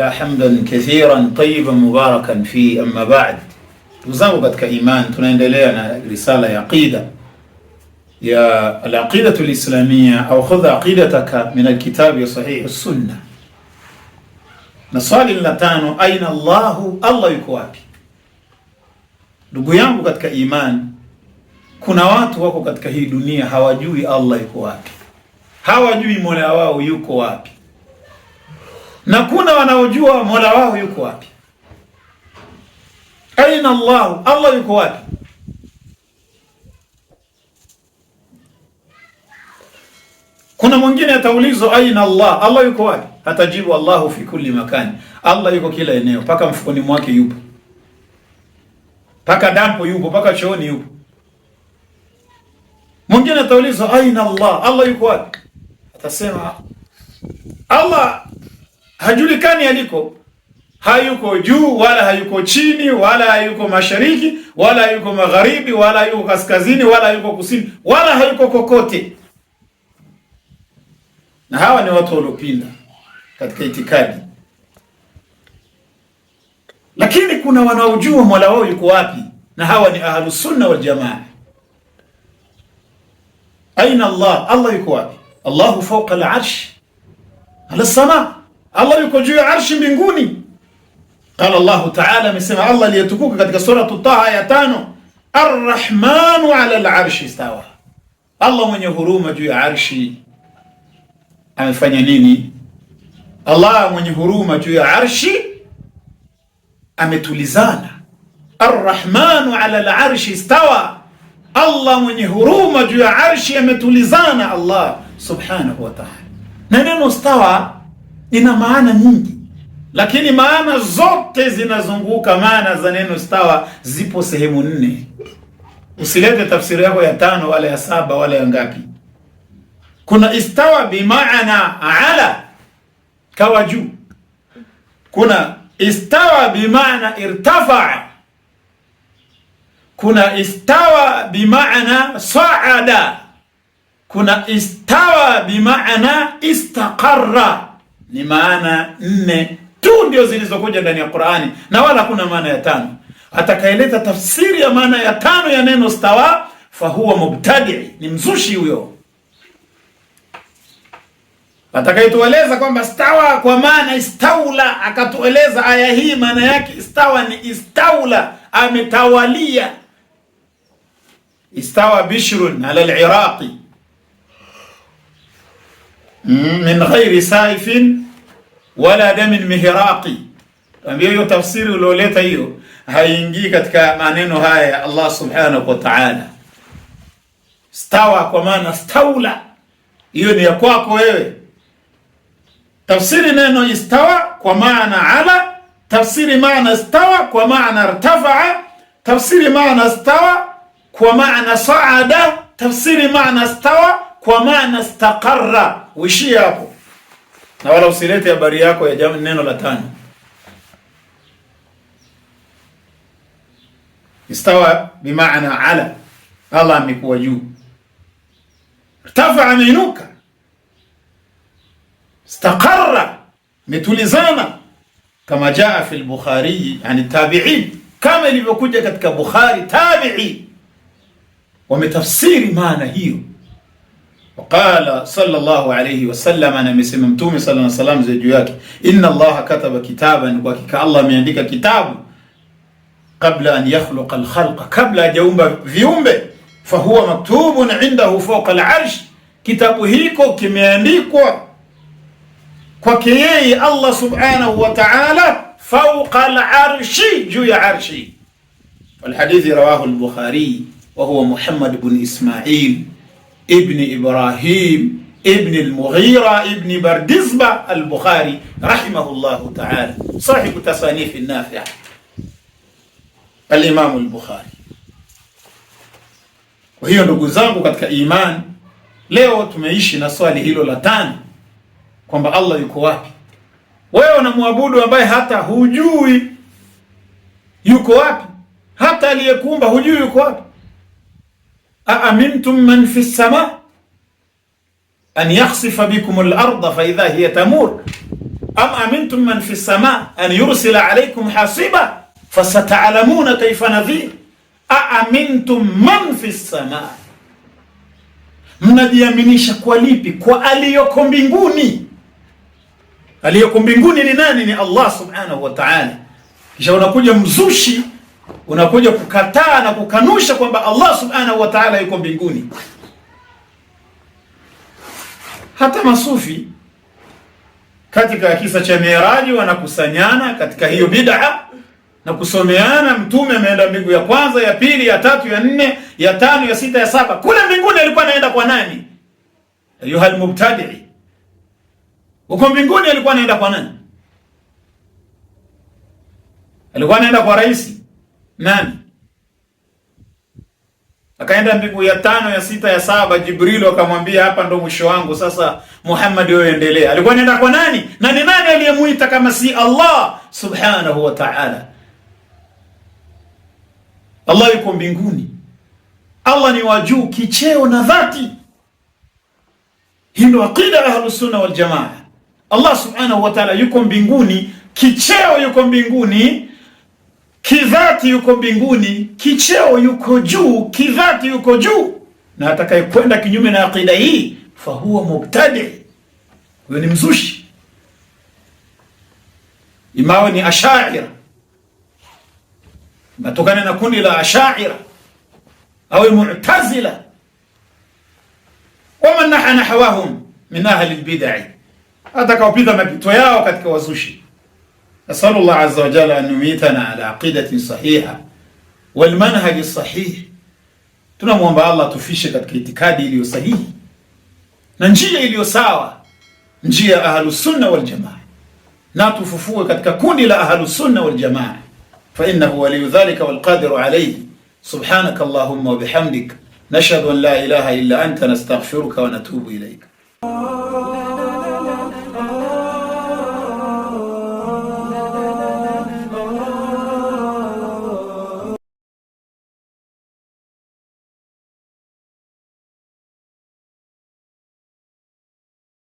لله حمدا كثيرا طيبا مباركا في أما بعد تزوجت كإيمان تنندلي أنا رسالة عقيدة يا العقيدة الإسلامية أو خذ عقيدتك من الكتاب صحيح السنة نصال اللتان أين الله الله يكواك دقيام بقت كإيمان كنا وات وقت كهي دنيا هواجوي الله يكواك هواجوي مولاوا ويكواك na kuna wanaojua mola wao yuko wapi. Aina Allahu, Allah yuko wapi? Kuna mwingine ataulizwa aina Allah, Allah yuko wapi? Atajibu Allahu fi kulli makani, Allah yuko kila eneo, mpaka mfukoni mwake yupo, mpaka dampo yupo, mpaka chooni yupo. Mwingine ataulizwa aina Allah, Allah yuko wapi? Atasema Allah hajulikani aliko, hayuko juu wala hayuko chini wala hayuko mashariki wala hayuko magharibi wala hayuko kaskazini wala hayuko kusini wala hayuko kokote. Na hawa ni watu waliopinda katika itikadi, lakini kuna wanaojua mola wao yuko wapi, na hawa ni wal jamaa. Aina Allah, Allah yuko wapi? Allahu fawqa al-arsh ala sama Allah yuko juu ya arshi mbinguni. Qala Allahu Ta'ala, amesema Allah aliyetukuka katika suratu Taha aya tano, arrahmanu ala al-arshi stawa. Allah mwenye huruma juu ya arshi amefanya nini? Allah mwenye huruma juu ya arshi ametulizana. Arrahmanu ala al-arshi stawa, Allah mwenye huruma juu ya arshi ametulizana. Allah subhanahu wa ta'ala, na neno stawa ina maana nyingi, lakini maana zote zinazunguka maana za neno stawa zipo sehemu nne. Usilete tafsiri yako ya tano wala ya saba wala ya ngapi. Kuna istawa bimaana ala, kawa juu. Kuna istawa bimaana irtafaa kuna istawa bimaana saada, kuna istawa bimaana istaqarra ni maana nne tu ndio zilizokuja ndani ya Qur'ani na wala hakuna maana ya tano. Atakaeleza tafsiri ya maana ya tano ya neno stawa fahuwa mubtadi, ni mzushi huyo. Atakayetueleza kwamba stawa kwa maana istaula, akatueleza aya hii maana yake istawa ni istaula, ametawalia. Istawa Bishrun ala al-Iraqi Mm, min ghairi saifin wala damin mihraqi. Ambia hiyo tafsiri ulioleta hiyo haingii katika maneno haya ya Allah subhanahu wa ta'ala. Stawa kwa maana staula, hiyo ni ya kwako wewe. Tafsiri neno istawa kwa maana ala, tafsiri maana stawa kwa maana irtafaa, tafsiri maana stawa kwa maana saada, tafsiri maana stawa kwa maana istaqarra uishie hapo, na wala usilete habari yako ya jambo neno la tano. Istawa bimaana ala, Allah amekuwa juu. Irtafa ameinuka, istaqarra metulizana, kama jaa fi al-Bukhari an tabi'in, kama ilivyokuja katika Bukhari tabi'i wametafsiri maana hiyo Waqala sallallahu alayhi wasallam, na amesema Mtume sallallahu alayhi wasallam za juu yake, inna allaha kataba kitaban, kwa hakika Allah ameandika kitabu, kabla an yakhluqa alkhalqa, kabla hajaumba viumbe, fahuwa maktubun indahu fawqa alarsh, kitabu hiko kimeandikwa kwake yeye Allah subhanahu wa ta'ala, fawqa alarshi, juu ya arshi. Walhadithi rawahu albukhari wa huwa Muhammad ibn Ismail ibni Ibrahim ibni al-Mughira ibni Bardizba al-Bukhari rahimahullahu ta'ala, sahibu tasanifi nafi'a al-Imam al-Bukhari. Kwa hiyo ndugu zangu katika iman leo tumeishi na swali hilo la tano kwamba Allah yuko wapi? Wewe unamwabudu ambaye hata hujui yuko wapi, hata aliyekuumba hujui yuko wapi. أأمنتم من في السماء أن يخسف بكم الأرض فإذا هي تمور أم أمنتم من في السماء أن يرسل عليكم حاصبا فستعلمون كيف نذير أأمنتم من في السماء mnajiaminisha kwa lipi kwa aliyoko mbinguni aliyoko mbinguni ni nani ni Allah subhanahu wa kisha unakuja mzushi unakuja kukataa na kukanusha kwamba Allah subhanahu wa ta'ala yuko mbinguni. Hata masufi katika kisa cha Miraji wanakusanyana katika hiyo bid'a na kusomeana, mtume ameenda mbingu ya kwanza, ya pili, ya tatu, ya nne, ya tano, ya sita, ya saba. Kule mbinguni alikuwa anaenda kwa nani? Ayuhal mubtadi, uko mbinguni alikuwa anaenda kwa nani? Alikuwa anaenda kwa raisi? nani? Akaenda mbingu ya tano, ya sita, ya saba, Jibril akamwambia hapa ndo mwisho wangu sasa, Muhammad wewe endelea. Alikuwa anaenda kwa nani? Na ni nani aliyemuita kama si Allah subhanahu wa ta'ala? Allah yuko mbinguni, Allah ni wa juu kicheo na dhati. Hii ndo aqida Ahlusunna wal Jamaa. Allah subhanahu wa ta'ala yuko mbinguni kicheo, yuko mbinguni kidhati yuko mbinguni, kicheo yuko juu, kidhati yuko juu, na atakayekwenda kinyume na aqida hii fahuwa mubtadi, huyo ni mzushi, Imao ni ashaira, natokana na kundi la ashaira au mu'tazila waman naha nahawahum min ahli lbidai, atakaopita mapito yao katika wazushi أسأل الله عز وجل أن يميتنا على عقيدة صحيحة والمنهج الصحيح تنمو الله تفيش قد كريتكاد إليو صحيح ننجي إليو ساوى نجي أهل السنة والجماعة ناتففوه قد إلى أهل السنة والجماعة فإنه ولي ذلك والقادر عليه سبحانك اللهم وبحمدك نشهد أن لا إله إلا أنت نستغفرك ونتوب إليك